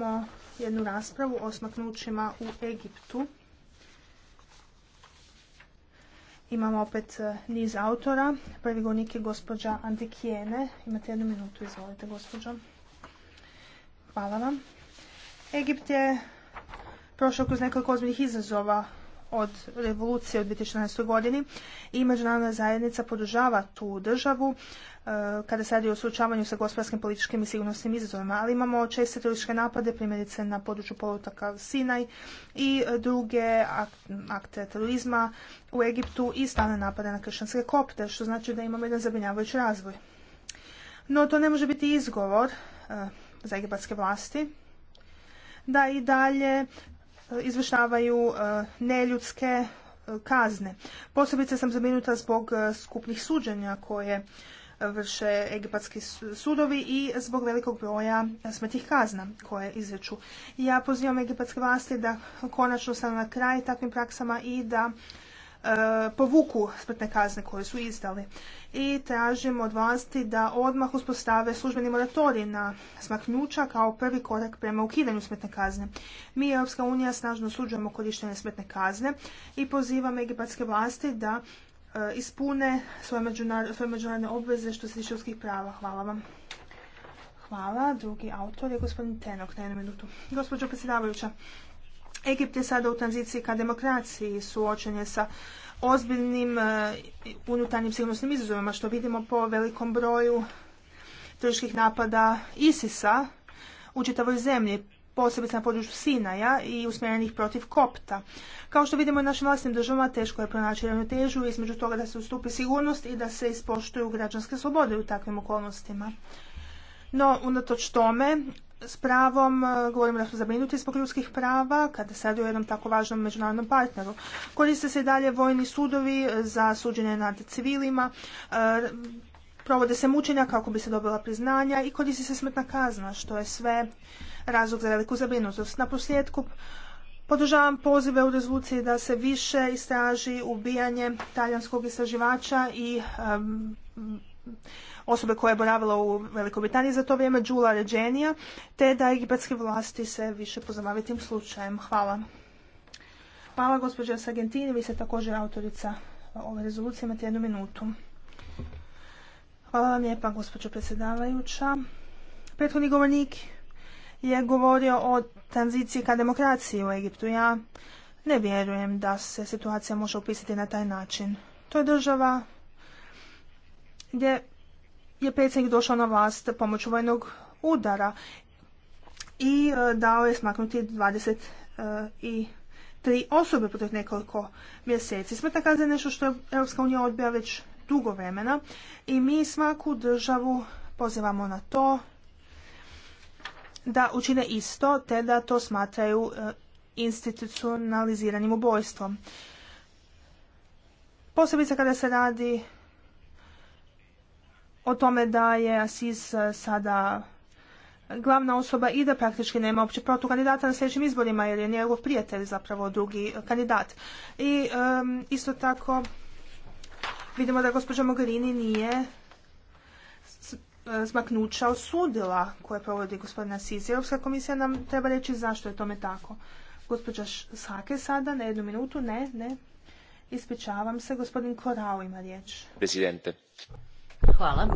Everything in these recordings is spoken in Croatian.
imamo jednu raspravu o smaknućima u Egiptu. Imamo opet e, niz autora. Prvi govornik je gospođa Antikijene. Imate jednu minutu, izvolite gospođo. Hvala vam. Egipt je prošao kroz nekoliko ozbiljnih izazova od revolucije u 2014. godini i međunarodna zajednica podržava tu državu e, kada se radi o suočavanju sa gospodarskim, političkim i sigurnosnim izazovima. Ali imamo česte terorističke napade, primjerice na području polutaka Sinaj i druge akte terorizma u Egiptu i stalne napade na kršćanske kopte, što znači da imamo jedan zabrinjavajući razvoj. No to ne može biti izgovor e, za egipatske vlasti da i dalje izvršavaju e, neljudske e, kazne. Posebice sam zaminuta zbog e, skupnih suđenja koje vrše egipatski sudovi i zbog velikog broja smrtih kazna koje izreču. Ja pozivam egipatske vlasti da konačno sam na kraj takvim praksama i da E, povuku smrtne kazne koje su izdali. I tražimo od vlasti da odmah uspostave službeni moratorij na smaknjuča kao prvi korak prema ukidanju smrtne kazne. Mi, Europska unija, snažno osuđujemo korištenje smrtne kazne i pozivamo egipatske vlasti da e, ispune svoje međunarodne obveze što se tiče ljudskih prava. Hvala vam. Hvala. Drugi autor je gospodin Tenok na jednu minutu. Gospođo predsjedavajuća, Egipt je sada u tranziciji ka demokraciji suočen je sa ozbiljnim e, unutarnjim sigurnosnim izazovima što vidimo po velikom broju terorističkih napada Isisa a u čitavoj zemlji posebice na području Sinaja i usmjerenih protiv Kopta. Kao što vidimo i našim vlastnim državama teško je pronaći ravnotežu između toga da se ustupi sigurnost i da se ispoštuju građanske slobode u takvim okolnostima. No, unatoč tome, s pravom e, govorimo da su zabrinuti zbog ljudskih prava kada se radi o jednom tako važnom međunarodnom partneru. Koriste se i dalje vojni sudovi e, za suđenje nad civilima, e, provode se mučenja kako bi se dobila priznanja i koristi se smrtna kazna, što je sve razlog za veliku zabrinutost. Na posljedku podržavam pozive u rezoluciji da se više istraži ubijanje talijanskog istraživača i osobe koja je boravila u Velikoj Britaniji za to vrijeme, Đula Ređenija, te da egipatske vlasti se više pozabave tim slučajem. Hvala. Hvala gospođa s Argentini, vi ste također autorica ove rezolucije, imate jednu minutu. Hvala vam lijepa gospođo predsjedavajuća. Prethodni govornik je govorio o tranziciji ka demokraciji u Egiptu. Ja ne vjerujem da se situacija može opisati na taj način. To je država gdje je predsjednik došao na vlast pomoću vojnog udara i e, dao je smaknuti 23 e, tri osobe protiv nekoliko mjeseci. Smrtna kazna je nešto što je Europska unija odbija već dugo vremena i mi svaku državu pozivamo na to da učine isto te da to smatraju e, institucionaliziranim ubojstvom. Posebice kada se radi o tome da je Asis e, sada glavna osoba i da praktički nema uopće protukandidata na sljedećim izborima jer je njegov prijatelj zapravo drugi kandidat. I isto tako vidimo da gospođa Mogherini nije smaknuća e, osudila koje provodi gospodina Asis. Europska komisija nam treba reći zašto je tome tako. Gospođa Sake sada, na jednu minutu, ne, ne. Ispričavam se, gospodin Korao ima riječ. Presidente. Hvala.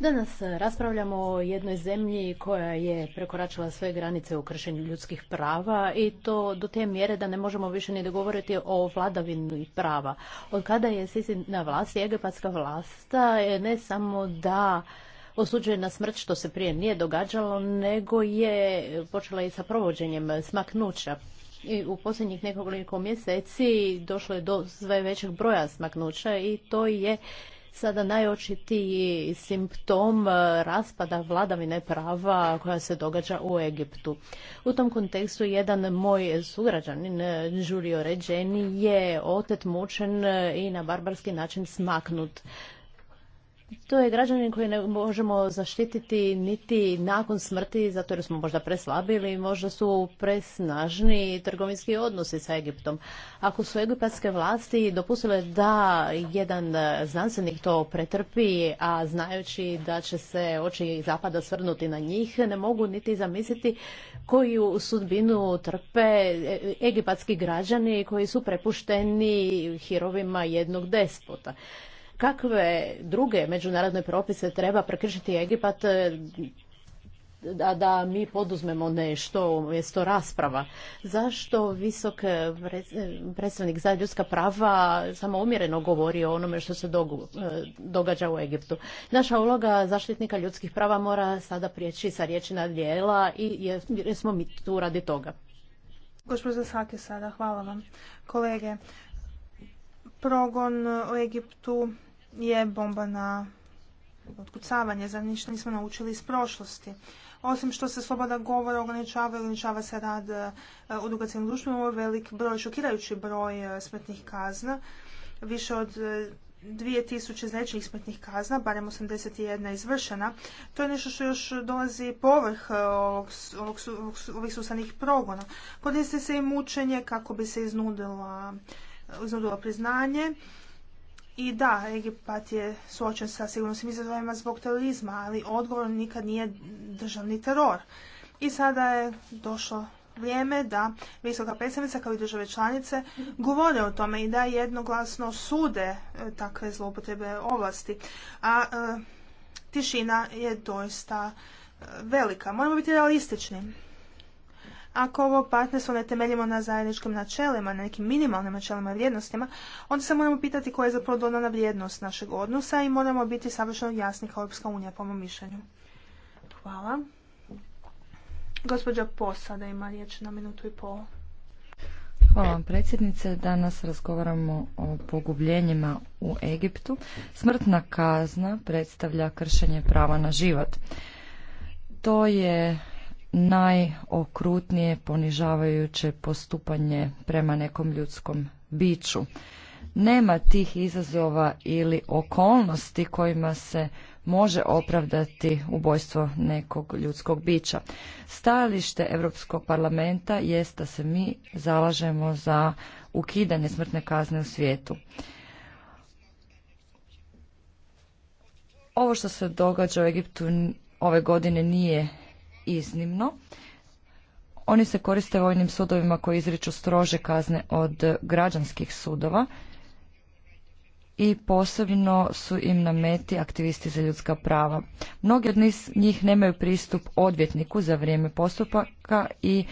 Danas e, raspravljamo o jednoj zemlji koja je prekoračila sve granice u kršenju ljudskih prava i to do te mjere da ne možemo više ni dogovoriti o vladavini prava. Od kada je Sisi na vlasti, egipatska vlasta ne samo da osuđuje na smrt što se prije nije događalo, nego je počela i sa provođenjem smaknuća. I u posljednjih nekoliko mjeseci došlo je do sve većeg broja smaknuća i to je sada najočitiji simptom e, raspada vladavine prava koja se događa u Egiptu. U tom kontekstu jedan moj sugrađanin, Giulio e, ređeni je otet mučen e, i na barbarski način smaknut. To je građanin koji ne možemo zaštititi niti nakon smrti, zato jer smo možda preslabili, možda su presnažni trgovinski odnosi sa Egiptom. Ako su egipatske vlasti dopustile da jedan znanstvenik to pretrpi, a znajući da će se oči zapada svrnuti na njih, ne mogu niti zamisliti koju sudbinu trpe egipatski građani koji su prepušteni hirovima jednog despota kakve druge međunarodne propise treba prekršiti Egipat e, da, da mi poduzmemo nešto umjesto rasprava. Zašto visok e, e, predstavnik za ljudska prava samo umjereno govori o onome što se događa u Egiptu? Naša uloga zaštitnika ljudskih prava mora sada prijeći sa riječi na dijela i jesmo mi tu radi toga. Gospođa Sake sada, hvala vam. Kolege, progon u Egiptu je bomba na otkucavanje, za ništa nismo naučili iz prošlosti. Osim što se sloboda govora ograničava i ograničava se rad e, u drugacijim društvima, ovo je velik broj, šokirajući broj e, smrtnih kazna. Više od 2000 e, značajnih smrtnih kazna, barem 81 izvršena. To je nešto što još dolazi povrh ovih susanih progona. Koristi se i mučenje kako bi se iznudila uznudilo priznanje. I da, Egipat je suočen sa sigurnosnim izazovima zbog terorizma, ali odgovor nikad nije državni teror. I sada je došlo vrijeme da visoka predstavnica kao i države članice govore o tome i da jednoglasno sude e, takve zloupotrebe ovlasti. A e, tišina je doista e, velika. Moramo biti realistični. Ako ovo partnerstvo ne temeljimo na zajedničkim načelima, na nekim minimalnim načelima i vrijednostima, onda se moramo pitati koja je zapravo dodana vrijednost našeg odnosa i moramo biti savršeno jasni kao Europska unija, po mom mišljenju. Hvala. Gospođa Posada ima riječ na minutu i pol. Hvala vam predsjednice. Danas razgovaramo o pogubljenjima u Egiptu. Smrtna kazna predstavlja kršenje prava na život. To je najokrutnije ponižavajuće postupanje prema nekom ljudskom biću. Nema tih izazova ili okolnosti kojima se može opravdati ubojstvo nekog ljudskog bića. Stajalište Europskog parlamenta jest da se mi zalažemo za ukidanje smrtne kazne u svijetu. Ovo što se događa u Egiptu ove godine nije iznimno. Oni se koriste vojnim sudovima koji izriču strože kazne od građanskih sudova i posebno su im na meti aktivisti za ljudska prava. Mnogi od njih nemaju pristup odvjetniku za vrijeme postupaka i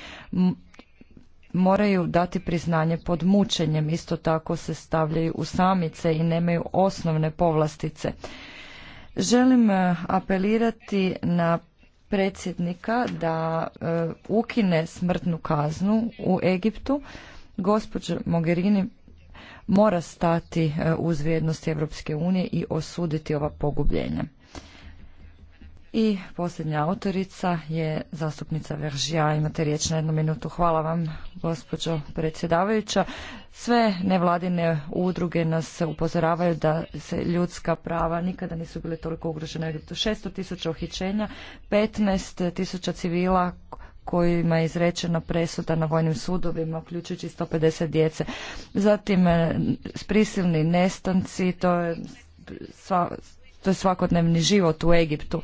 moraju dati priznanje pod mučenjem. Isto tako se stavljaju u samice i nemaju osnovne povlastice. Želim eh, apelirati na predsjednika da e, ukine smrtnu kaznu u Egiptu. Gospođa Mogherini mora stati e, uz vrijednost Europske unije i osuditi ova pogubljenja. I posljednja autorica je zastupnica Veržija. Imate riječ na jednu minutu. Hvala vam, gospođo predsjedavajuća. Sve nevladine udruge nas upozoravaju da se ljudska prava nikada nisu bile toliko ugrožena. 600 tisuća uhićenja, 15 tisuća civila kojima je izrečena presuda na vojnim sudovima, uključujući 150 djece. Zatim, e, prisilni nestanci, to je, to je svakodnevni život u Egiptu.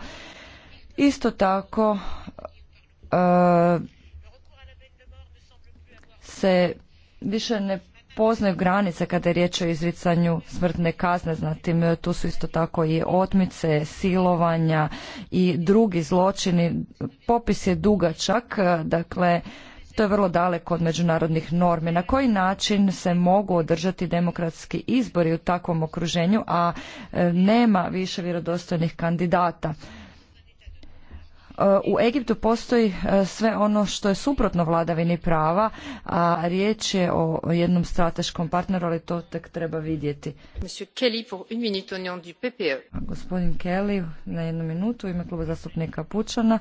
Isto tako e, se više ne poznaju granice kada je riječ o izricanju smrtne kazne, zatim e, tu su isto tako i otmice, silovanja i drugi zločini. Popis je dugačak, e, dakle to je vrlo daleko od međunarodnih normi. Na koji način se mogu održati demokratski izbori u takvom okruženju, a nema više vjerodostojnih kandidata? U Egiptu postoji e, sve ono što je suprotno vladavini prava, a riječ je o jednom strateškom partneru, ali to tek treba vidjeti. Kelly pour une minute du PPE. Gospodin Kelly, na jednu minutu, u ime kluba zastupnika Pučana.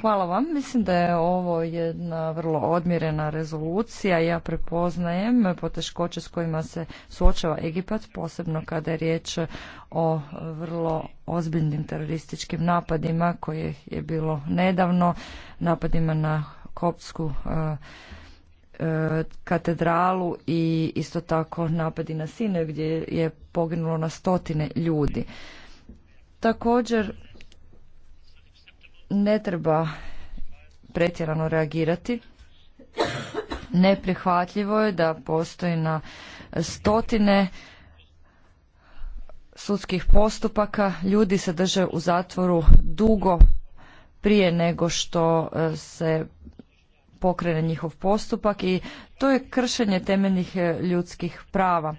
Hvala vam. Mislim da je ovo jedna vrlo odmjerena rezolucija. Ja prepoznajem poteškoće s kojima se suočava Egipat, posebno kada je riječ o vrlo ozbiljnim terorističkim napadima koje je bilo nedavno, napadima na kopsku e, e, katedralu i isto tako napadi na sine gdje je poginulo na stotine ljudi. Također ne treba pretjerano reagirati. Neprihvatljivo je da postoji na stotine sudskih postupaka. Ljudi se drže u zatvoru dugo prije nego što e, se pokrene njihov postupak i to je kršenje temeljnih e, ljudskih prava.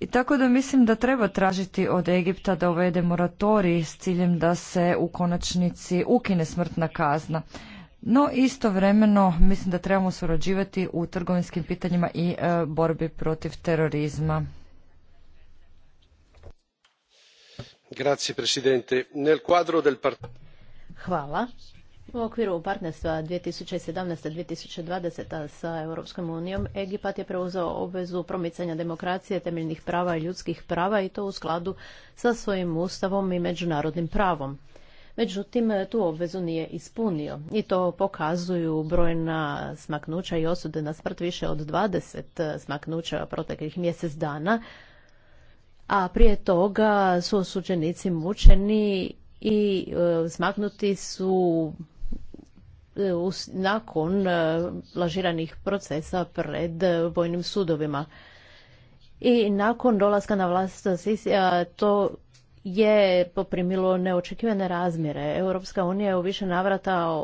I tako da mislim da treba tražiti od Egipta da uvede moratorij s ciljem da se u konačnici ukine smrtna kazna. No istovremeno mislim da trebamo surađivati u trgovinskim pitanjima i e, borbi protiv terorizma. Grazie, presidente. Nel quadro del Hvala. U okviru partnerstva 2017-2020 sa Europskom unijom Egipat je preuzeo obvezu promicanja demokracije, temeljnih prava i ljudskih prava i to u skladu sa svojim ustavom i međunarodnim pravom. Međutim, tu obvezu nije ispunio i to pokazuju brojna smaknuća i osude na smrt više od 20 smaknuća proteklih mjesec dana, a prije toga su osuđenici mučeni i e, smaknuti su E, nakon e, lažiranih procesa pred e, vojnim sudovima. I nakon dolaska na vlast Sisija to je poprimilo neočekivane razmjere. Europska unija je u više navrata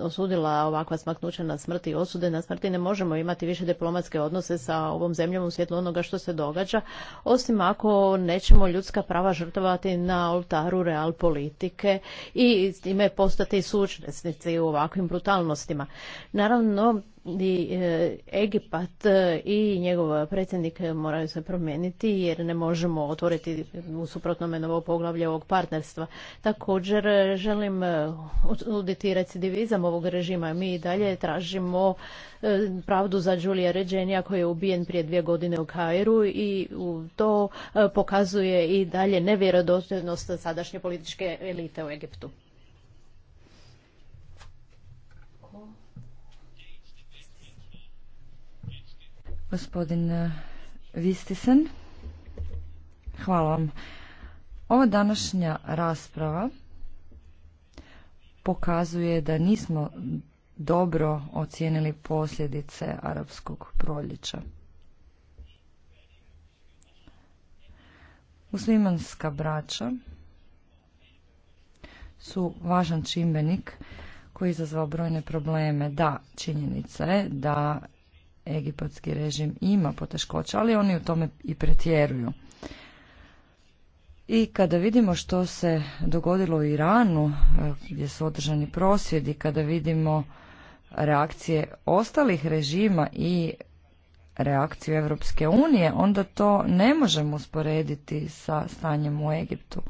osudila ovakva smaknuća na smrti i osude na smrti. Ne možemo imati više diplomatske odnose sa ovom zemljom u svjetlu onoga što se događa, osim ako nećemo ljudska prava žrtovati na oltaru real politike i s time postati sučnesnici u ovakvim brutalnostima. Naravno, i e, Egipat e, i njegov predsjednik moraju se promijeniti jer ne možemo otvoriti u suprotnome novo poglavlje ovog partnerstva. Također e, želim uditi recidivizam ovog režima. Mi i dalje tražimo pravdu za Đulija Ređenija koji je ubijen prije dvije godine u Kairu i to pokazuje i dalje nevjerodostojnost sadašnje političke elite u Egiptu. Gospodin eh, Vistisen, hvala vam. Ova današnja rasprava pokazuje da nismo dobro ocijenili posljedice arapskog proljeća. Muslimanska braća su važan čimbenik koji je izazvao brojne probleme. Da, činjenica je da egipatski režim ima poteškoća, ali oni u tome i pretjeruju. I kada vidimo što se dogodilo u Iranu, e, gdje su održani prosvjedi, kada vidimo reakcije ostalih režima i reakciju Europske unije, onda to ne možemo usporediti sa stanjem u Egiptu.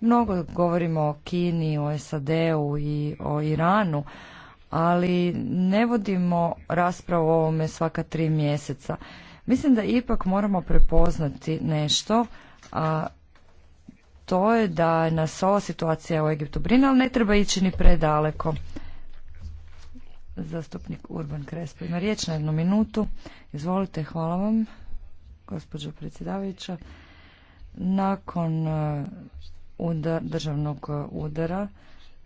Mnogo govorimo o Kini, o SAD-u i o Iranu, ali ne vodimo raspravu o ovome svaka tri mjeseca. Mislim da ipak moramo prepoznati nešto, a to je da nas ova situacija u Egiptu brine, ali ne treba ići ni predaleko. Zastupnik Urban Krespo ima riječ na jednu minutu. Izvolite, hvala vam, gospođo predsjedavajuća. Nakon eh, državnog eh, udara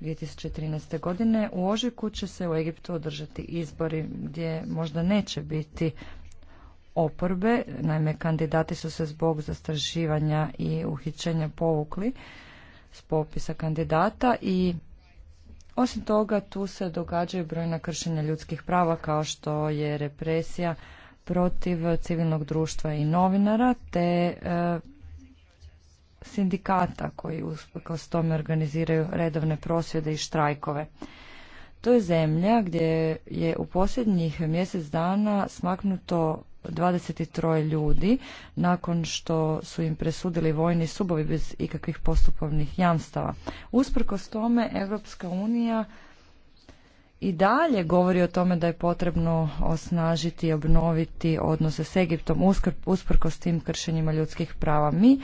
2013. godine u Ožiku će se u Egiptu održati izbori gdje možda neće biti oporbe. Naime, kandidati su se zbog zastrašivanja i uhićenja povukli s popisa kandidata i osim toga tu se događaju brojna kršenja ljudskih prava kao što je represija protiv civilnog društva i novinara te e, sindikata koji usprkos tome organiziraju redovne prosvjede i štrajkove. To je zemlja gdje je u posljednjih mjesec dana smaknuto 23 ljudi nakon što su im presudili vojni subovi bez ikakvih postupovnih jamstava. Usprkos tome Europska unija i dalje govori o tome da je potrebno osnažiti i obnoviti odnose s Egiptom usprkos tim kršenjima ljudskih prava. Mi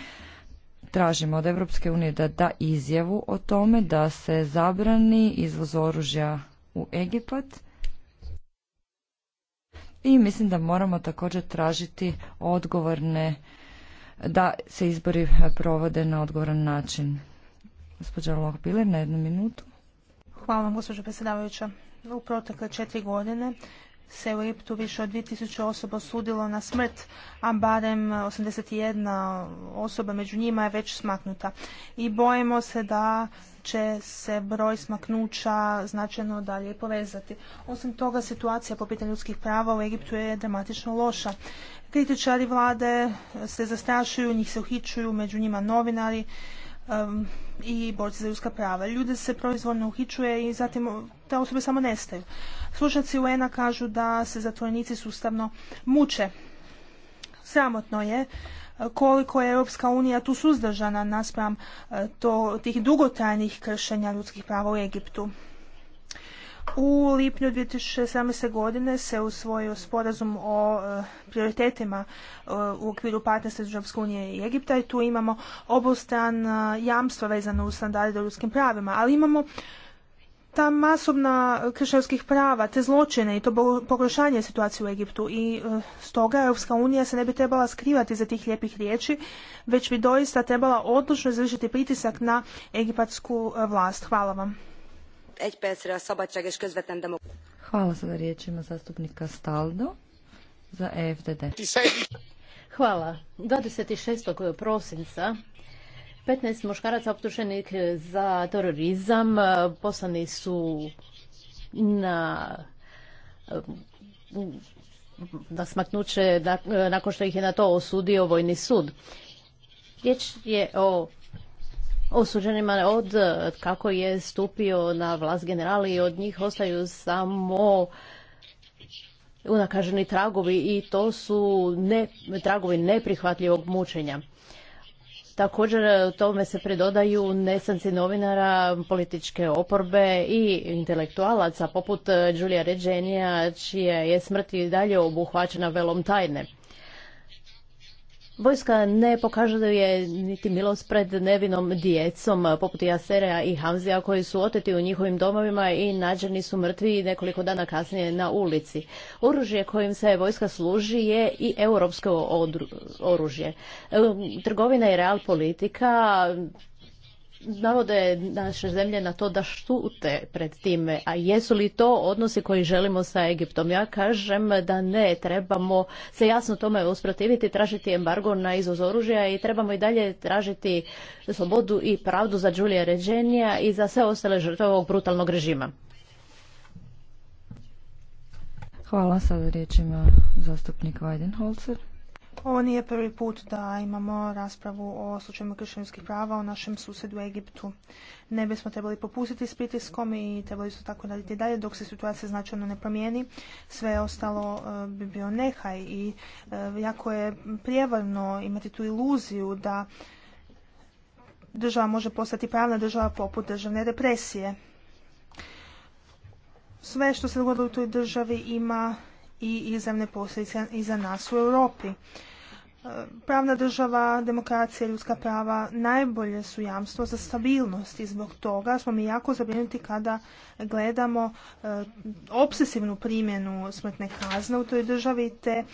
tražimo od Europske unije da da izjavu o tome da se zabrani izvoz oružja u Egipat i mislim da moramo također tražiti odgovorne da se izbori provode na odgovoran način. Gospođa Lohbiler, na jednu minutu. Hvala vam, gospođo predsjedavajuća. U protekle četiri godine se u Egiptu više od 2000 osoba osudilo na smrt, a barem 81 osoba među njima je već smaknuta. I bojimo se da će se broj smaknuća značajno dalje povezati. Osim toga, situacija po pitanju ljudskih prava u Egiptu je dramatično loša. Kritičari vlade se zastrašuju, njih se uhičuju, među njima novinari um, i borci za ljudska prava. Ljude se proizvoljno uhičuje i zatim te osobe samo nestaju. Slušnjaci UN-a kažu da se zatvorenici sustavno muče. Sramotno je e, koliko je Europska unija tu suzdržana naspram e, to, tih dugotrajnih kršenja ljudskih prava u Egiptu. U lipnju 2017. godine se usvojio sporazum o e, prioritetima u okviru partnerstva između Europske unije i Egipta i tu imamo obostran jamstva vezano uz standarde o ljudskim pravima, ali imamo ta masovna kršćanskih prava, te zločine i to pogoršanje situacije u Egiptu i e, stoga Europska unija se ne bi trebala skrivati za tih lijepih riječi, već bi doista trebala odlučno izvršiti pritisak na egipatsku e, vlast. Hvala vam. Hvala sada riječima zastupnika Staldo za EFDD. Hvala. 26. prosinca 15 muškaraca optušenih e, za terorizam e, poslani su na e, na smaknuće nakon što ih je na to osudio vojni sud. Riječ je o osuđenima od kako je stupio na vlast generali i od njih ostaju samo unakaženi tragovi i to su tragovi neprihvatljivog mučenja. Također e, tome se pridodaju nesanci novinara, političke oporbe i intelektualaca poput e, Đulija Ređenija čija je smrt i dalje obuhvaćena velom tajne. Vojska ne pokazuje niti milost pred nevinom djecom, poput Jasereja i Hamzija, koji su oteti u njihovim domovima i nađeni su mrtvi nekoliko dana kasnije na ulici. Oružje kojim se vojska služi je i europsko oružje. Trgovina i real politika navode naše zemlje na to da štute pred time, a jesu li to odnosi koji želimo sa Egiptom? Ja kažem da ne, trebamo se jasno tome usprotiviti, tražiti embargo na izvoz oružja i trebamo i dalje tražiti slobodu i pravdu za Đulija Ređenija i za sve ostale žrtve ovog brutalnog režima. Hvala, sada riječ zastupnik Weidenholzer. Ovo nije prvi put da imamo raspravu o slučajima kršćanskih prava o našem susjedu Egiptu. Ne bismo trebali popustiti s pritiskom i trebali su tako raditi dalje dok se situacija značajno ne promijeni. Sve ostalo e, bi bio nehaj i e, jako je prijevarno imati tu iluziju da država može postati pravna država poput državne represije. Sve što se dogodilo u toj državi ima i izravne posljedice i za nas u Europi. Pravna država, demokracija, ljudska prava najbolje su jamstvo za stabilnost i zbog toga smo mi jako zabrinuti kada gledamo eh, obsesivnu primjenu smrtne kazne u toj državi te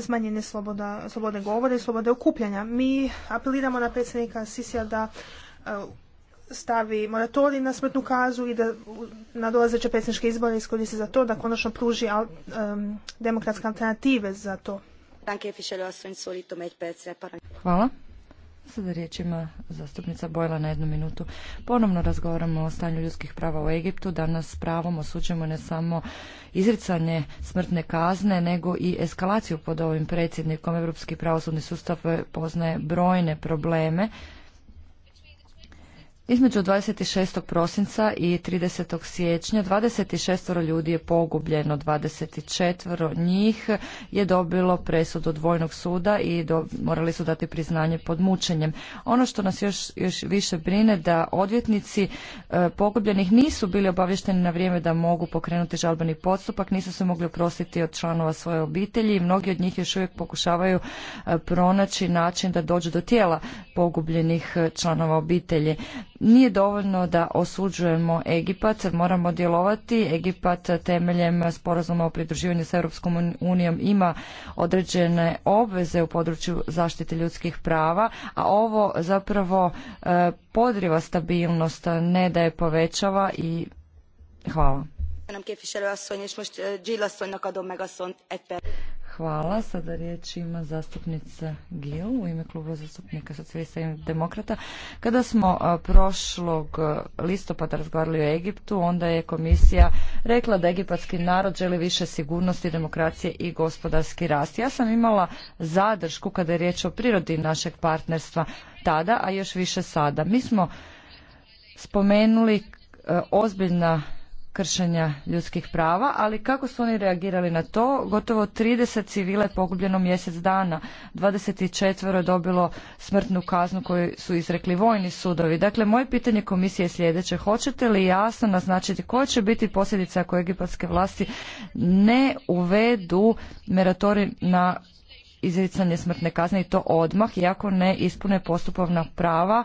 smanjenje sloboda, slobode govora i slobode okupljanja. Mi apeliramo na predsjednika Sisija da eh, stavi moratorij na smrtnu kazu i da na dolazeće predsjedničke izbore iskoristi za to da konačno pruži demokratske alternative za to Um Hvala. Sada riječ zastupnica Bojla na jednu minutu. Ponovno razgovaramo o stanju ljudskih prava u Egiptu. Danas s pravom osuđujemo ne samo izricanje smrtne kazne, nego i eskalaciju pod ovim predsjednikom. Europski pravosudni sustav poznaje brojne probleme između 26. prosinca i 30. siječnja 26 ljudi je pogubljeno, 24 njih je dobilo presud od vojnog suda i do, morali su dati priznanje pod mučenjem. Ono što nas još, više brine da odvjetnici e, pogubljenih nisu bili obavješteni na vrijeme da mogu pokrenuti žalbeni postupak, nisu se mogli oprostiti od članova svoje obitelji i mnogi od njih još uvijek pokušavaju e, pronaći način da dođu do tijela pogubljenih e, članova obitelji nije dovoljno da osuđujemo Egipat, moramo djelovati. Egipat temeljem sporazuma o pridruživanju s Europskom unijom ima određene obveze u području zaštite ljudskih prava, a ovo zapravo e, podriva stabilnost, ne da je povećava i hvala. Hvala. Sada riječ ima zastupnica Gil u ime kluba zastupnika socijalista i demokrata. Kada smo prošlog listopada razgovarali o Egiptu, onda je komisija rekla da egipatski narod želi više sigurnosti, demokracije i gospodarski rast. Ja sam imala zadršku kada je riječ o prirodi našeg partnerstva tada, a još više sada. Mi smo spomenuli ozbiljna kršenja ljudskih prava, ali kako su oni reagirali na to? Gotovo 30 civila je pogubljeno mjesec dana, 24 je dobilo smrtnu kaznu koju su izrekli vojni sudovi. Dakle, moje pitanje komisije je sljedeće. Hoćete li jasno naznačiti koje će biti posljedice ako egipatske vlasti ne uvedu meratori na izricanje smrtne kazne i to odmah iako ne ispune postupovna prava,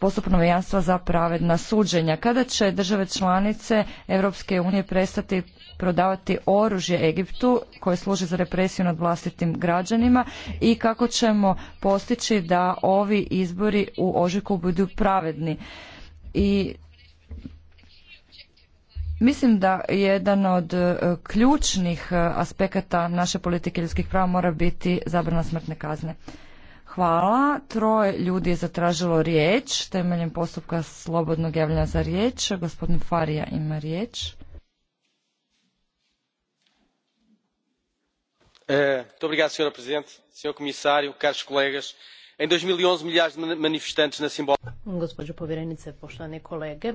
postupno jamstva za pravedna suđenja. Kada će države članice Europske unije prestati prodavati oružje Egiptu koje služi za represiju nad vlastitim građanima i kako ćemo postići da ovi izbori u ožiku budu pravedni i Mislim da jedan od e, ključnih e, aspekata naše politike ljudskih prava mora biti zabrana smrtne kazne. Hvala. Troje ljudi je zatražilo riječ temeljem postupka slobodnog javljanja za riječ. Gospodin Farija ima riječ. Muito e, obrigado, senhora presidente, senhor comissário, caros colegas. Em 2011, milhares de manifestantes na simbol... Gospođo povjerenice, poštovane kolege,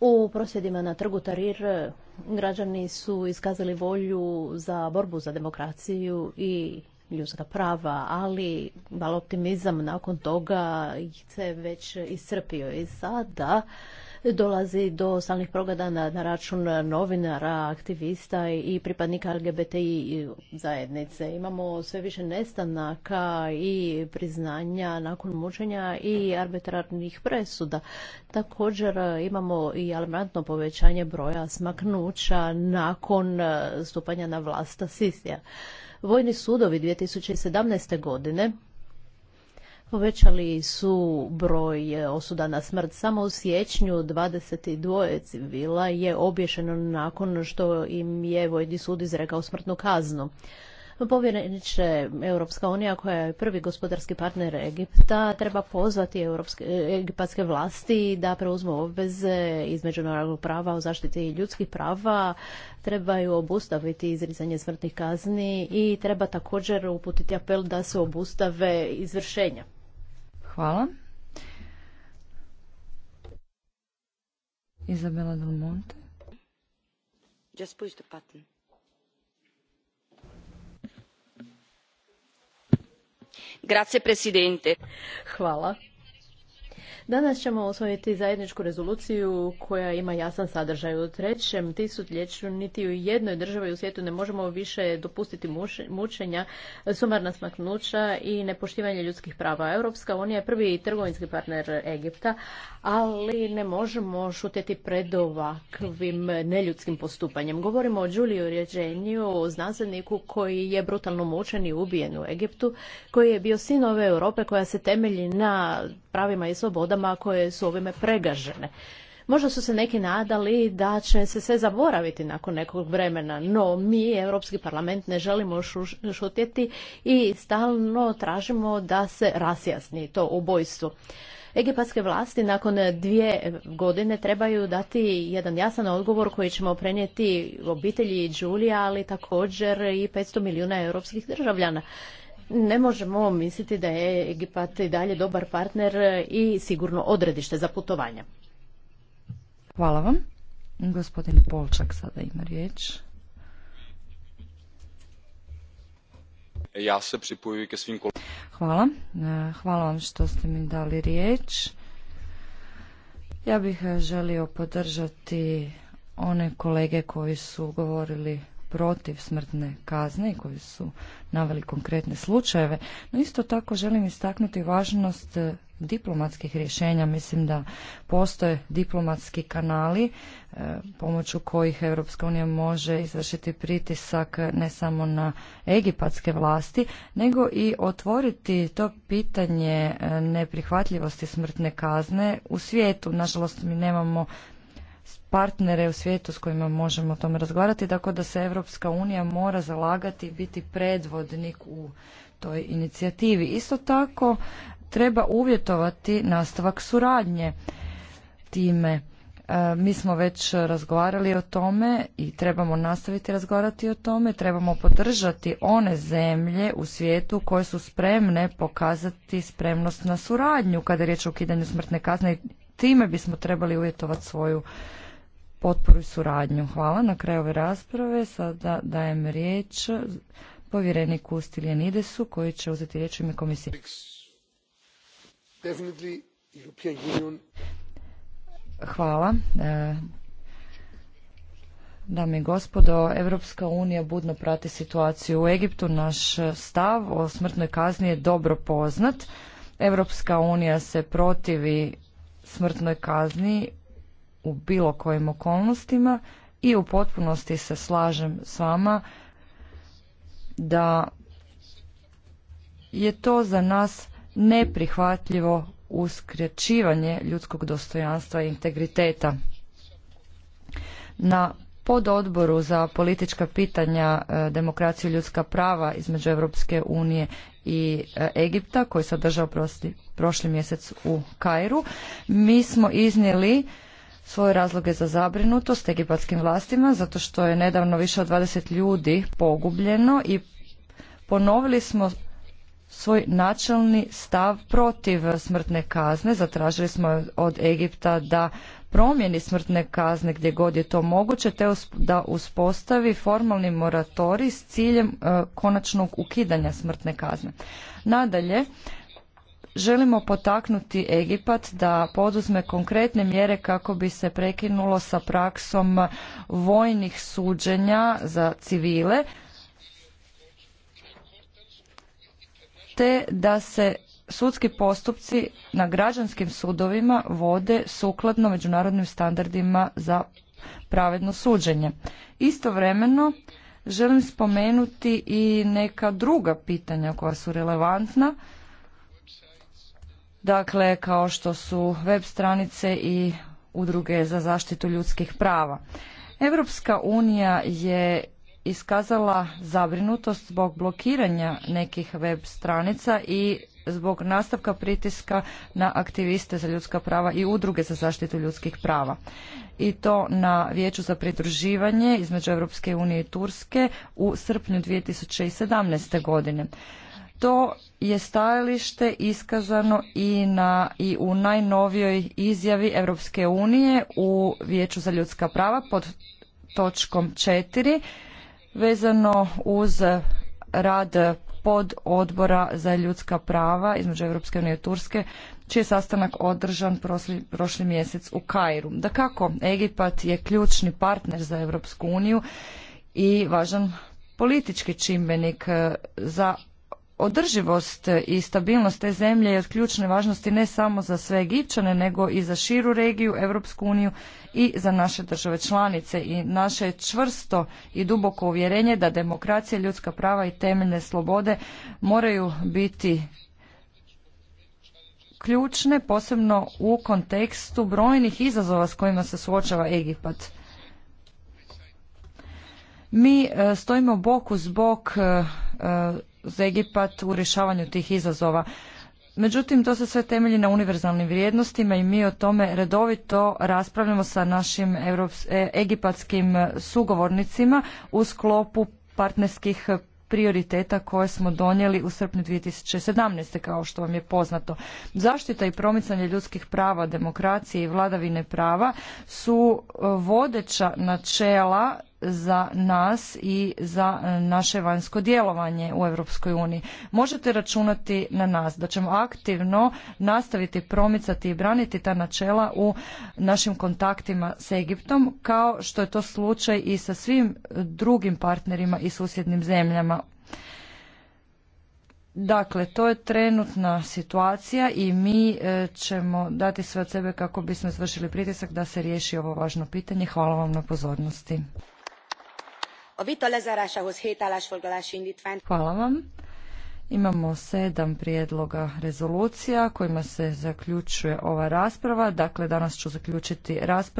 u prosvjedima na trgu Tarir e, građani su iskazali volju za borbu za demokraciju i ljudska prava, ali malo optimizam nakon toga se već iscrpio i sada dolazi do stalnih progada na, račun novinara, aktivista i pripadnika LGBTI zajednice. Imamo sve više nestanaka i priznanja nakon mučenja i arbitrarnih presuda. Također e, imamo i alarmantno povećanje broja smaknuća nakon e, stupanja na vlast Sisija. Vojni sudovi 2017. godine Povećali su broj e, osuda na smrt. Samo u siječnju 22 civila je obješeno nakon što im je vojni sud izrekao smrtnu kaznu. Povjereniče Europska unija koja je prvi gospodarski partner Egipta treba pozvati e, egipatske vlasti da preuzmu obveze iz međunarodnog prava o zaštiti ljudskih prava, trebaju obustaviti izrizanje smrtnih kazni i treba također uputiti apel da se obustave izvršenja. Hvala. Izabela Del Monte. Just push the button. Grazie, presidente. Hvala. Danas ćemo osvojiti zajedničku rezoluciju koja ima jasan sadržaj. U trećem tisutljeću niti u jednoj državi u svijetu ne možemo više dopustiti mučenja, sumarna smaknuća i nepoštivanje ljudskih prava. Europska unija je prvi trgovinski partner Egipta, ali ne možemo šutjeti pred ovakvim neljudskim postupanjem. Govorimo o Đuliju Rjeđenju, o znanstveniku koji je brutalno mučen i ubijen u Egiptu, koji je bio sin ove Europe koja se temelji na pravima i sloboda nadama koje su ovime pregažene. Možda su se neki nadali da će se sve zaboraviti nakon nekog vremena, no mi, Europski parlament, ne želimo šutjeti i stalno tražimo da se rasjasni to ubojstvo. Egipatske vlasti nakon dvije godine trebaju dati jedan jasan odgovor koji ćemo prenijeti obitelji Đulija, ali također i 500 milijuna europskih državljana. Ne možemo misliti da je Egipat i dalje dobar partner i sigurno odredište za putovanja. Hvala vam. Gospodin Polčak sada ima riječ. Ja se pripojujem ke svim Hvala. E, hvala vam što ste mi dali riječ. Ja bih e, želio podržati one kolege koji su govorili protiv smrtne kazne i koji su naveli konkretne slučajeve, no isto tako želim istaknuti važnost e, diplomatskih rješenja. Mislim da postoje diplomatski kanali e, pomoću kojih Europska unija može izvršiti pritisak ne samo na egipatske vlasti, nego i otvoriti to pitanje e, neprihvatljivosti smrtne kazne u svijetu. Nažalost, mi nemamo partnere u svijetu s kojima možemo o tome razgovarati, tako da se Europska unija mora zalagati i biti predvodnik u toj inicijativi. Isto tako treba uvjetovati nastavak suradnje time. E, mi smo već razgovarali o tome i trebamo nastaviti razgovarati o tome. Trebamo podržati one zemlje u svijetu koje su spremne pokazati spremnost na suradnju kada je riječ o ukidanju smrtne kazne i time bismo trebali uvjetovati svoju potporu i suradnju. Hvala. Na kraju ove rasprave sada dajem riječ povjereniku Stiljanidesu koji će uzeti riječ u ime komisije. Hvala. E, dame i gospodo, Evropska unija budno prati situaciju u Egiptu. Naš stav o smrtnoj kazni je dobro poznat. Evropska unija se protivi smrtnoj kazni u bilo kojim okolnostima i u potpunosti se slažem s vama da je to za nas neprihvatljivo uskraćivanje ljudskog dostojanstva i integriteta. Na pododboru za politička pitanja e, demokraciju i ljudska prava između Europske unije i e, Egipta koji se održao prošli mjesec u Kairu mi smo iznijeli svoje razloge za zabrinutost egipatskim vlastima zato što je nedavno više od 20 ljudi pogubljeno i ponovili smo svoj načelni stav protiv smrtne kazne. Zatražili smo od Egipta da promjeni smrtne kazne gdje god je to moguće te da uspostavi formalni moratorij s ciljem e, konačnog ukidanja smrtne kazne. Nadalje, želimo potaknuti Egipat da poduzme konkretne mjere kako bi se prekinulo sa praksom vojnih suđenja za civile te da se sudski postupci na građanskim sudovima vode sukladno međunarodnim standardima za pravedno suđenje. Istovremeno želim spomenuti i neka druga pitanja koja su relevantna dakle kao što su web stranice i udruge za zaštitu ljudskih prava. Europska unija je iskazala zabrinutost zbog blokiranja nekih web stranica i zbog nastavka pritiska na aktiviste za ljudska prava i udruge za zaštitu ljudskih prava. I to na Vijeću za pridruživanje između Europske unije i Turske u srpnju 2017. godine. To je stajalište iskazano i, na, i u najnovijoj izjavi Europske unije u Vijeću za ljudska prava pod točkom 4 vezano uz rad pod odbora za ljudska prava između Europske unije i Turske, čiji je sastanak održan prošli mjesec u Kairu. Da kako, Egipat je ključni partner za Europsku uniju i važan politički čimbenik e, za održivost i stabilnost te zemlje je od ključne važnosti ne samo za sve Egipćane, nego i za širu regiju, Europsku uniju i za naše države članice. I naše čvrsto i duboko uvjerenje da demokracija, ljudska prava i temeljne slobode moraju biti ključne, posebno u kontekstu brojnih izazova s kojima se suočava Egipat. Mi e, stojimo bok uz bok e, e, za Egipat u rješavanju tih izazova. Međutim, to se sve temelji na univerzalnim vrijednostima i mi o tome redovito raspravljamo sa našim e, egipatskim sugovornicima u sklopu partnerskih prioriteta koje smo donijeli u srpnju 2017. kao što vam je poznato. Zaštita i promicanje ljudskih prava, demokracije i vladavine prava su e, vodeća načela za nas i za naše vanjsko djelovanje u Europskoj uniji. Možete računati na nas da ćemo aktivno nastaviti promicati i braniti ta načela u našim kontaktima s Egiptom kao što je to slučaj i sa svim drugim partnerima i susjednim zemljama. Dakle, to je trenutna situacija i mi e, ćemo dati sve od sebe kako bismo izvršili pritisak da se riješi ovo važno pitanje. Hvala vam na pozornosti a vita lezárásához hét állásfoglalási indítványt. Hvala vam. Imamo sedam prijedloga rezolucija kojima se zaključuje ova rasprava. Dakle, danas ću zaključiti raspravu.